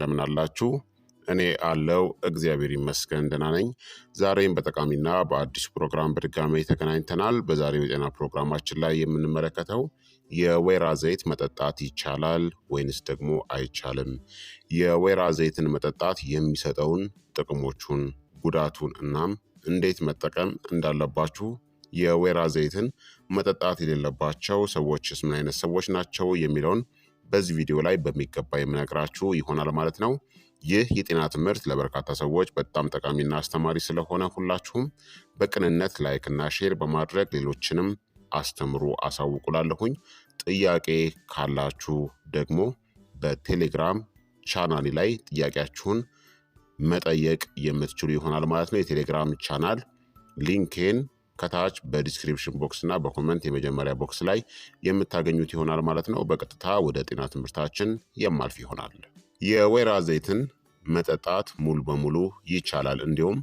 እንደምን አላችሁ? እኔ አለው እግዚአብሔር ይመስገን ደህና ነኝ። ዛሬም በጠቃሚና በአዲስ ፕሮግራም በድጋሜ ተገናኝተናል። በዛሬው የጤና ፕሮግራማችን ላይ የምንመለከተው የወይራ ዘይት መጠጣት ይቻላል ወይንስ ደግሞ አይቻልም፣ የወይራ ዘይትን መጠጣት የሚሰጠውን ጥቅሞቹን፣ ጉዳቱን እናም እንዴት መጠቀም እንዳለባችሁ የወይራ ዘይትን መጠጣት የሌለባቸው ሰዎችስ ምን አይነት ሰዎች ናቸው የሚለውን በዚህ ቪዲዮ ላይ በሚገባ የምነግራችሁ ይሆናል ማለት ነው። ይህ የጤና ትምህርት ለበርካታ ሰዎች በጣም ጠቃሚና አስተማሪ ስለሆነ ሁላችሁም በቅንነት ላይክና ሼር በማድረግ ሌሎችንም አስተምሩ አሳውቁላለሁኝ። ጥያቄ ካላችሁ ደግሞ በቴሌግራም ቻናል ላይ ጥያቄያችሁን መጠየቅ የምትችሉ ይሆናል ማለት ነው። የቴሌግራም ቻናል ሊንኬን ከታች በዲስክሪፕሽን ቦክስ እና በኮመንት የመጀመሪያ ቦክስ ላይ የምታገኙት ይሆናል ማለት ነው። በቀጥታ ወደ ጤና ትምህርታችን የማልፍ ይሆናል። የወይራ ዘይትን መጠጣት ሙሉ በሙሉ ይቻላል። እንዲሁም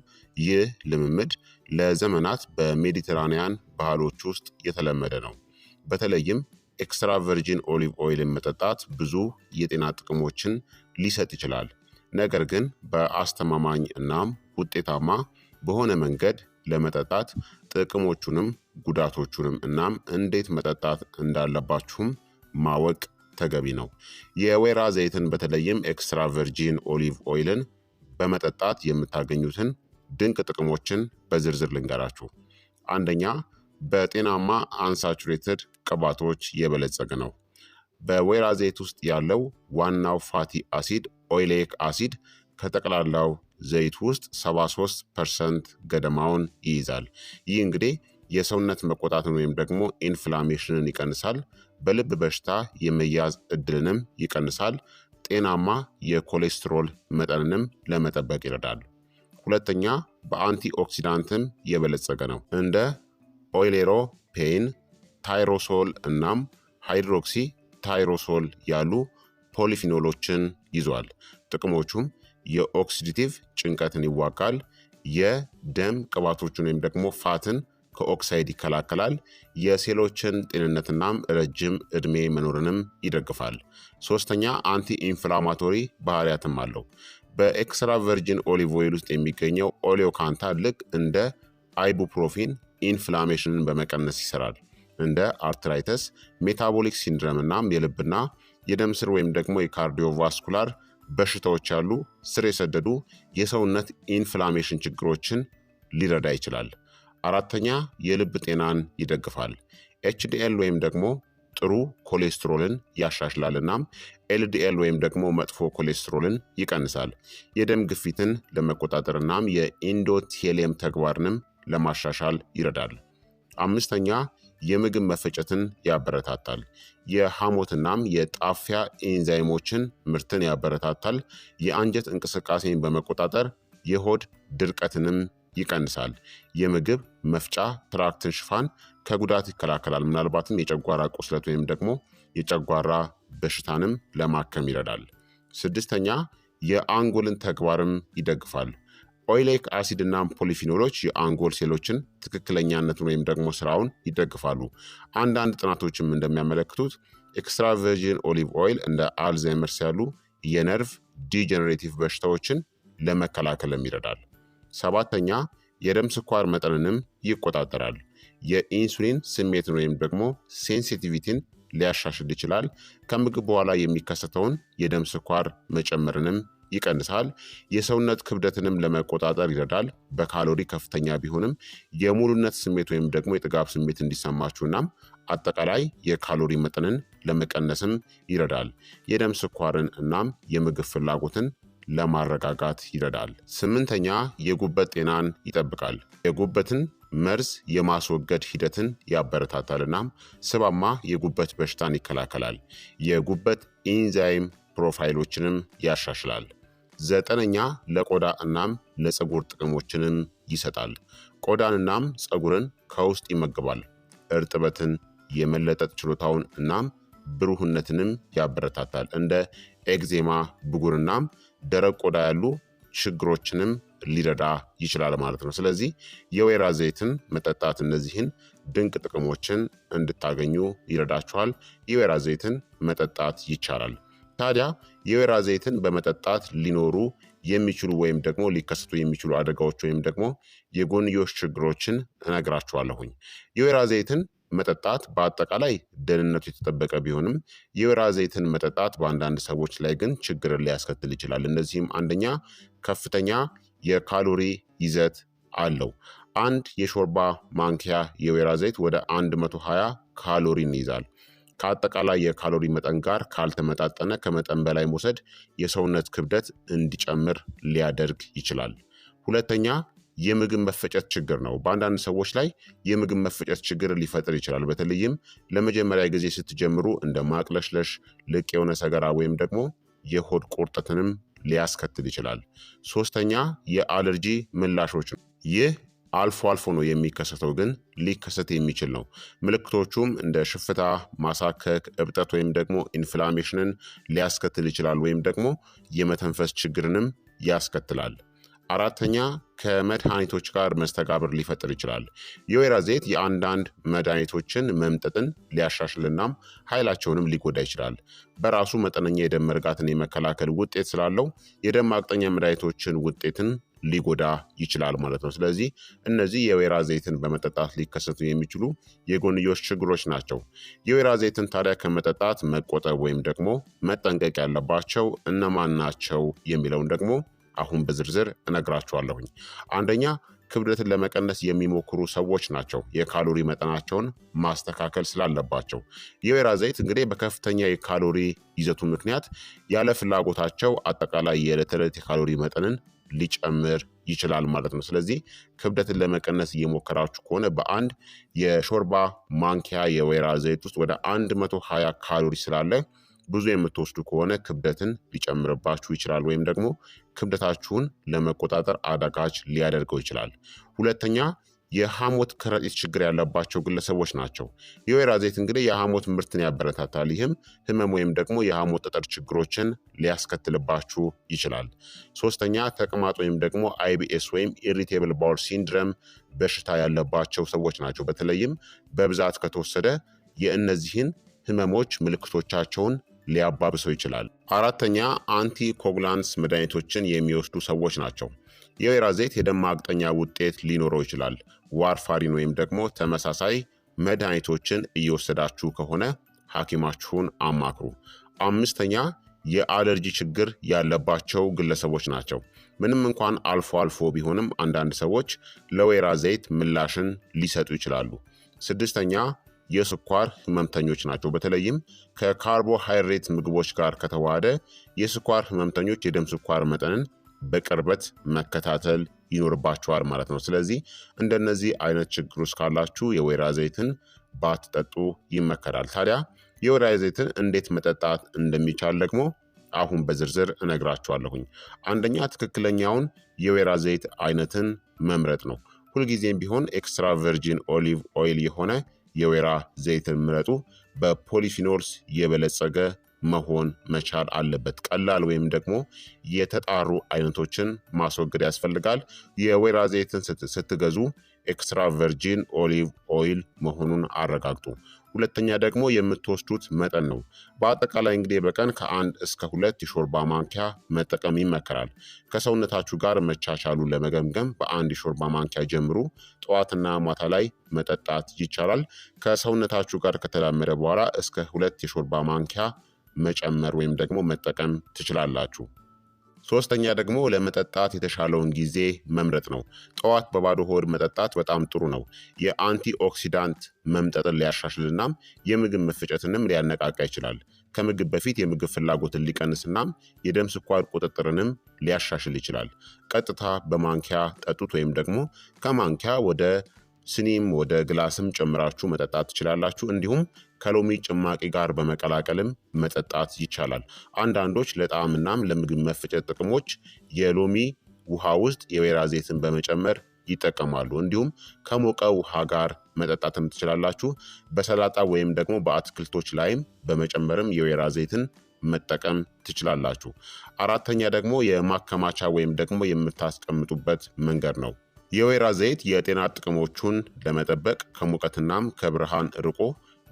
ይህ ልምምድ ለዘመናት በሜዲትራኒያን ባህሎች ውስጥ የተለመደ ነው። በተለይም ኤክስትራ ቨርጂን ኦሊቭ ኦይልን መጠጣት ብዙ የጤና ጥቅሞችን ሊሰጥ ይችላል። ነገር ግን በአስተማማኝ እናም ውጤታማ በሆነ መንገድ ለመጠጣት ጥቅሞቹንም ጉዳቶቹንም እናም እንዴት መጠጣት እንዳለባችሁም ማወቅ ተገቢ ነው። የወይራ ዘይትን በተለይም ኤክስትራ ቨርጂን ኦሊቭ ኦይልን በመጠጣት የምታገኙትን ድንቅ ጥቅሞችን በዝርዝር ልንገራችሁ። አንደኛ በጤናማ አንሳቹሬትድ ቅባቶች የበለጸገ ነው። በወይራ ዘይት ውስጥ ያለው ዋናው ፋቲ አሲድ ኦይሌክ አሲድ ከጠቅላላው ዘይት ውስጥ 73 ፐርሰንት ገደማውን ይይዛል። ይህ እንግዲህ የሰውነት መቆጣትን ወይም ደግሞ ኢንፍላሜሽንን ይቀንሳል። በልብ በሽታ የመያዝ እድልንም ይቀንሳል። ጤናማ የኮሌስትሮል መጠንንም ለመጠበቅ ይረዳል። ሁለተኛ በአንቲ ኦክሲዳንትም የበለጸገ ነው። እንደ ኦይሌሮ ፔን፣ ታይሮሶል እናም ሃይድሮክሲ ታይሮሶል ያሉ ፖሊፊኖሎችን ይዟል። ጥቅሞቹም የኦክሲዲቲቭ ጭንቀትን ይዋጋል። የደም ቅባቶችን ወይም ደግሞ ፋትን ከኦክሳይድ ይከላከላል። የሴሎችን ጤንነትናም ረጅም እድሜ መኖርንም ይደግፋል። ሶስተኛ አንቲ ኢንፍላማቶሪ ባህሪያትም አለው። በኤክስትራ ቨርጂን ኦሊቭ ኦይል ውስጥ የሚገኘው ኦሊዮካንታ ልክ እንደ አይቡፕሮፊን ኢንፍላሜሽንን በመቀነስ ይሰራል። እንደ አርትራይተስ፣ ሜታቦሊክ ሲንድረም እናም የልብና የደም ስር ወይም ደግሞ የካርዲዮቫስኩላር በሽታዎች ያሉ ስር የሰደዱ የሰውነት ኢንፍላሜሽን ችግሮችን ሊረዳ ይችላል። አራተኛ የልብ ጤናን ይደግፋል። ኤችዲኤል ወይም ደግሞ ጥሩ ኮሌስትሮልን ያሻሽላል እናም ኤልዲኤል ወይም ደግሞ መጥፎ ኮሌስትሮልን ይቀንሳል። የደም ግፊትን ለመቆጣጠር እናም የኢንዶቴሌም ተግባርንም ለማሻሻል ይረዳል። አምስተኛ የምግብ መፈጨትን ያበረታታል። የሐሞትናም የጣፊያ ኤንዛይሞችን ምርትን ያበረታታል። የአንጀት እንቅስቃሴን በመቆጣጠር የሆድ ድርቀትንም ይቀንሳል። የምግብ መፍጫ ትራክትን ሽፋን ከጉዳት ይከላከላል። ምናልባትም የጨጓራ ቁስለት ወይም ደግሞ የጨጓራ በሽታንም ለማከም ይረዳል። ስድስተኛ የአንጎልን ተግባርም ይደግፋል። ኦይሌክ አሲድ እና ፖሊፊኖሎች የአንጎል ሴሎችን ትክክለኛነት ወይም ደግሞ ስራውን ይደግፋሉ። አንዳንድ ጥናቶችም እንደሚያመለክቱት ኤክስትራቨርጂን ኦሊቭ ኦይል እንደ አልዛይመርስ ያሉ የነርቭ ዲጀነሬቲቭ በሽታዎችን ለመከላከልም ይረዳል። ሰባተኛ የደም ስኳር መጠንንም ይቆጣጠራል። የኢንሱሊን ስሜትን ወይም ደግሞ ሴንሲቲቪቲን ሊያሻሽል ይችላል። ከምግብ በኋላ የሚከሰተውን የደም ስኳር መጨመርንም ይቀንሳል። የሰውነት ክብደትንም ለመቆጣጠር ይረዳል። በካሎሪ ከፍተኛ ቢሆንም የሙሉነት ስሜት ወይም ደግሞ የጥጋብ ስሜት እንዲሰማችሁናም አጠቃላይ የካሎሪ መጠንን ለመቀነስም ይረዳል። የደም ስኳርን እናም የምግብ ፍላጎትን ለማረጋጋት ይረዳል። ስምንተኛ የጉበት ጤናን ይጠብቃል። የጉበትን መርዝ የማስወገድ ሂደትን ያበረታታል እናም ስባማ የጉበት በሽታን ይከላከላል። የጉበት ኢንዛይም ፕሮፋይሎችንም ያሻሽላል። ዘጠነኛ ለቆዳ እናም ለፀጉር ጥቅሞችንም ይሰጣል። ቆዳን እናም ፀጉርን ከውስጥ ይመግባል። እርጥበትን፣ የመለጠጥ ችሎታውን እናም ብሩህነትንም ያበረታታል። እንደ ኤግዜማ፣ ብጉርናም ደረቅ ቆዳ ያሉ ችግሮችንም ሊረዳ ይችላል ማለት ነው። ስለዚህ የወይራ ዘይትን መጠጣት እነዚህን ድንቅ ጥቅሞችን እንድታገኙ ይረዳችኋል። የወይራ ዘይትን መጠጣት ይቻላል። ታዲያ የወይራ ዘይትን በመጠጣት ሊኖሩ የሚችሉ ወይም ደግሞ ሊከሰቱ የሚችሉ አደጋዎች ወይም ደግሞ የጎንዮሽ ችግሮችን እነግራችኋለሁኝ። የወይራ ዘይትን መጠጣት በአጠቃላይ ደህንነቱ የተጠበቀ ቢሆንም የወይራ ዘይትን መጠጣት በአንዳንድ ሰዎች ላይ ግን ችግርን ሊያስከትል ይችላል። እነዚህም አንደኛ ከፍተኛ የካሎሪ ይዘት አለው። አንድ የሾርባ ማንኪያ የወይራ ዘይት ወደ 120 ካሎሪን ይይዛል። ከአጠቃላይ የካሎሪ መጠን ጋር ካልተመጣጠነ ከመጠን በላይ መውሰድ የሰውነት ክብደት እንዲጨምር ሊያደርግ ይችላል። ሁለተኛ የምግብ መፈጨት ችግር ነው። በአንዳንድ ሰዎች ላይ የምግብ መፈጨት ችግር ሊፈጥር ይችላል። በተለይም ለመጀመሪያ ጊዜ ስትጀምሩ እንደ ማቅለሽለሽ፣ ልቅ የሆነ ሰገራ ወይም ደግሞ የሆድ ቁርጠትንም ሊያስከትል ይችላል። ሶስተኛ የአለርጂ ምላሾች ነው። ይህ አልፎ አልፎ ነው የሚከሰተው፣ ግን ሊከሰት የሚችል ነው። ምልክቶቹም እንደ ሽፍታ፣ ማሳከክ፣ እብጠት ወይም ደግሞ ኢንፍላሜሽንን ሊያስከትል ይችላል ወይም ደግሞ የመተንፈስ ችግርንም ያስከትላል። አራተኛ ከመድኃኒቶች ጋር መስተጋብር ሊፈጥር ይችላል። የወይራ ዘይት የአንዳንድ መድኃኒቶችን መምጠጥን ሊያሻሽልናም ኃይላቸውንም ሊጎዳ ይችላል። በራሱ መጠነኛ የደም መርጋትን የመከላከል ውጤት ስላለው የደም ማቅጠኛ መድኃኒቶችን ውጤትን ሊጎዳ ይችላል ማለት ነው። ስለዚህ እነዚህ የወይራ ዘይትን በመጠጣት ሊከሰቱ የሚችሉ የጎንዮሽ ችግሮች ናቸው። የወይራ ዘይትን ታዲያ ከመጠጣት መቆጠብ ወይም ደግሞ መጠንቀቅ ያለባቸው እነማን ናቸው የሚለውን ደግሞ አሁን በዝርዝር እነግራችኋለሁኝ። አንደኛ ክብደትን ለመቀነስ የሚሞክሩ ሰዎች ናቸው። የካሎሪ መጠናቸውን ማስተካከል ስላለባቸው የወይራ ዘይት እንግዲህ በከፍተኛ የካሎሪ ይዘቱ ምክንያት ያለ ፍላጎታቸው አጠቃላይ የዕለት ተዕለት የካሎሪ መጠንን ሊጨምር ይችላል ማለት ነው። ስለዚህ ክብደትን ለመቀነስ እየሞከራችሁ ከሆነ በአንድ የሾርባ ማንኪያ የወይራ ዘይት ውስጥ ወደ 120 ካሎሪ ስላለ ብዙ የምትወስዱ ከሆነ ክብደትን ሊጨምርባችሁ ይችላል ወይም ደግሞ ክብደታችሁን ለመቆጣጠር አዳጋች ሊያደርገው ይችላል። ሁለተኛ የሐሞት ከረጢት ችግር ያለባቸው ግለሰቦች ናቸው። የወይራ ዘይት እንግዲህ የሐሞት ምርትን ያበረታታል። ይህም ህመም ወይም ደግሞ የሐሞት ጠጠር ችግሮችን ሊያስከትልባችሁ ይችላል። ሶስተኛ ተቅማጥ ወይም ደግሞ አይቢኤስ ወይም ኢሪቴብል ባውል ሲንድረም በሽታ ያለባቸው ሰዎች ናቸው። በተለይም በብዛት ከተወሰደ የእነዚህን ህመሞች ምልክቶቻቸውን ሊያባብሰው ይችላል። አራተኛ አንቲ ኮግላንስ መድኃኒቶችን የሚወስዱ ሰዎች ናቸው። የወይራ ዘይት የደም ማቅጠኛ ውጤት ሊኖረው ይችላል። ዋርፋሪን ወይም ደግሞ ተመሳሳይ መድኃኒቶችን እየወሰዳችሁ ከሆነ ሐኪማችሁን አማክሩ። አምስተኛ የአለርጂ ችግር ያለባቸው ግለሰቦች ናቸው። ምንም እንኳን አልፎ አልፎ ቢሆንም አንዳንድ ሰዎች ለወይራ ዘይት ምላሽን ሊሰጡ ይችላሉ። ስድስተኛ የስኳር ህመምተኞች ናቸው። በተለይም ከካርቦሃይድሬት ምግቦች ጋር ከተዋሃደ የስኳር ህመምተኞች የደም ስኳር መጠንን በቅርበት መከታተል ይኖርባቸዋል ማለት ነው። ስለዚህ እንደነዚህ አይነት ችግር ውስጥ ካላችሁ የወይራ ዘይትን ባትጠጡ ይመከራል። ታዲያ የወይራ ዘይትን እንዴት መጠጣት እንደሚቻል ደግሞ አሁን በዝርዝር እነግራችኋለሁኝ። አንደኛ ትክክለኛውን የወይራ ዘይት አይነትን መምረጥ ነው። ሁልጊዜም ቢሆን ኤክስትራ ቨርጂን ኦሊቭ ኦይል የሆነ የወይራ ዘይትን ምረጡ። በፖሊፊኖልስ የበለጸገ መሆን መቻል አለበት። ቀላል ወይም ደግሞ የተጣሩ አይነቶችን ማስወገድ ያስፈልጋል። የወይራ ዘይትን ስትገዙ ኤክስትራ ቨርጂን ኦሊቭ ኦይል መሆኑን አረጋግጡ። ሁለተኛ ደግሞ የምትወስዱት መጠን ነው። በአጠቃላይ እንግዲህ በቀን ከአንድ እስከ ሁለት የሾርባ ማንኪያ መጠቀም ይመከራል። ከሰውነታችሁ ጋር መቻቻሉን ለመገምገም በአንድ የሾርባ ማንኪያ ጀምሩ። ጠዋትና ማታ ላይ መጠጣት ይቻላል። ከሰውነታችሁ ጋር ከተላመደ በኋላ እስከ ሁለት የሾርባ ማንኪያ መጨመር ወይም ደግሞ መጠቀም ትችላላችሁ። ሶስተኛ ደግሞ ለመጠጣት የተሻለውን ጊዜ መምረጥ ነው። ጠዋት በባዶ ሆድ መጠጣት በጣም ጥሩ ነው። የአንቲ ኦክሲዳንት መምጠጥን ሊያሻሽልናም የምግብ መፈጨትንም ሊያነቃቃ ይችላል። ከምግብ በፊት የምግብ ፍላጎትን ሊቀንስናም የደም ስኳር ቁጥጥርንም ሊያሻሽል ይችላል። ቀጥታ በማንኪያ ጠጡት ወይም ደግሞ ከማንኪያ ወደ ስኒም ወደ ግላስም ጨምራችሁ መጠጣት ትችላላችሁ። እንዲሁም ከሎሚ ጭማቂ ጋር በመቀላቀልም መጠጣት ይቻላል። አንዳንዶች ለጣዕምናም ለምግብ መፍጨት ጥቅሞች የሎሚ ውሃ ውስጥ የወይራ ዘይትን በመጨመር ይጠቀማሉ። እንዲሁም ከሞቀ ውሃ ጋር መጠጣትም ትችላላችሁ። በሰላጣ ወይም ደግሞ በአትክልቶች ላይም በመጨመርም የወይራ ዘይትን መጠቀም ትችላላችሁ። አራተኛ ደግሞ የማከማቻ ወይም ደግሞ የምታስቀምጡበት መንገድ ነው። የወይራ ዘይት የጤና ጥቅሞቹን ለመጠበቅ ከሙቀትናም ከብርሃን ርቆ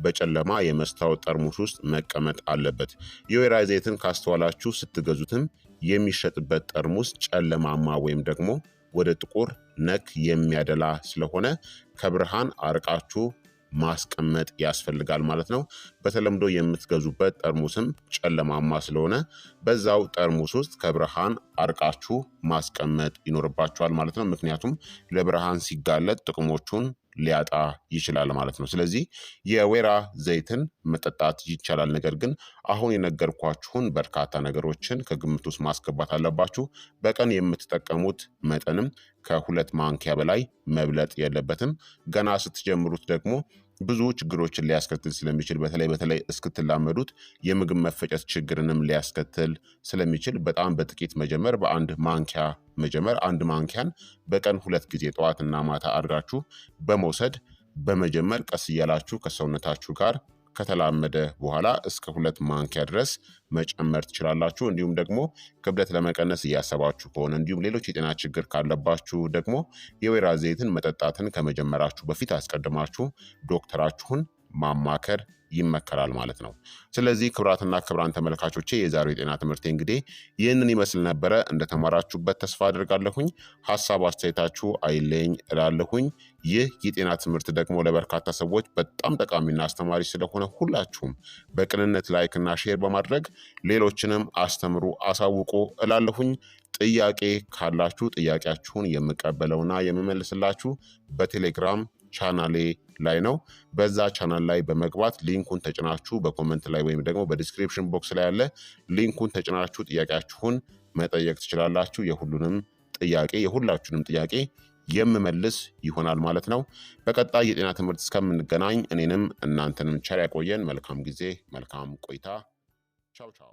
በጨለማ የመስታወት ጠርሙስ ውስጥ መቀመጥ አለበት። የወይራ ዘይትን ካስተዋላችሁ ስትገዙትም የሚሸጥበት ጠርሙስ ጨለማማ ወይም ደግሞ ወደ ጥቁር ነክ የሚያደላ ስለሆነ ከብርሃን አርቃችሁ ማስቀመጥ ያስፈልጋል ማለት ነው። በተለምዶ የምትገዙበት ጠርሙስም ጨለማማ ስለሆነ በዛው ጠርሙስ ውስጥ ከብርሃን አርቃችሁ ማስቀመጥ ይኖርባችኋል ማለት ነው። ምክንያቱም ለብርሃን ሲጋለጥ ጥቅሞቹን ሊያጣ ይችላል ማለት ነው። ስለዚህ የወይራ ዘይትን መጠጣት ይቻላል። ነገር ግን አሁን የነገርኳችሁን በርካታ ነገሮችን ከግምት ውስጥ ማስገባት አለባችሁ። በቀን የምትጠቀሙት መጠንም ከሁለት ማንኪያ በላይ መብለጥ የለበትም። ገና ስትጀምሩት ደግሞ ብዙ ችግሮችን ሊያስከትል ስለሚችል በተለይ በተለይ እስክትላመዱት የምግብ መፈጨት ችግርንም ሊያስከትል ስለሚችል በጣም በጥቂት መጀመር፣ በአንድ ማንኪያ መጀመር። አንድ ማንኪያን በቀን ሁለት ጊዜ ጠዋትና ማታ አድርጋችሁ በመውሰድ በመጀመር ቀስ እያላችሁ ከሰውነታችሁ ጋር ከተላመደ በኋላ እስከ ሁለት ማንኪያ ድረስ መጨመር ትችላላችሁ። እንዲሁም ደግሞ ክብደት ለመቀነስ እያሰባችሁ ከሆነ እንዲሁም ሌሎች የጤና ችግር ካለባችሁ ደግሞ የወይራ ዘይትን መጠጣትን ከመጀመራችሁ በፊት አስቀድማችሁ ዶክተራችሁን ማማከር ይመከራል ማለት ነው። ስለዚህ ክብራትና ክብራን ተመልካቾቼ የዛሬው የጤና ትምህርቴ እንግዲህ ይህንን ይመስል ነበረ። እንደተማራችሁበት ተስፋ አድርጋለሁኝ። ሀሳብ አስተያየታችሁ አይለኝ እላለሁኝ። ይህ የጤና ትምህርት ደግሞ ለበርካታ ሰዎች በጣም ጠቃሚና አስተማሪ ስለሆነ ሁላችሁም በቅንነት ላይክና ሼር በማድረግ ሌሎችንም አስተምሩ፣ አሳውቁ እላለሁኝ። ጥያቄ ካላችሁ ጥያቄያችሁን የምቀበለውና የምመልስላችሁ በቴሌግራም ቻናሌ ላይ ነው። በዛ ቻናል ላይ በመግባት ሊንኩን ተጭናችሁ በኮመንት ላይ ወይም ደግሞ በዲስክሪፕሽን ቦክስ ላይ ያለ ሊንኩን ተጭናችሁ ጥያቄያችሁን መጠየቅ ትችላላችሁ። የሁሉንም ጥያቄ የሁላችሁንም ጥያቄ የምመልስ ይሆናል ማለት ነው። በቀጣይ የጤና ትምህርት እስከምንገናኝ እኔንም እናንተንም ቸር ያቆየን። መልካም ጊዜ፣ መልካም ቆይታ። ቻው ቻው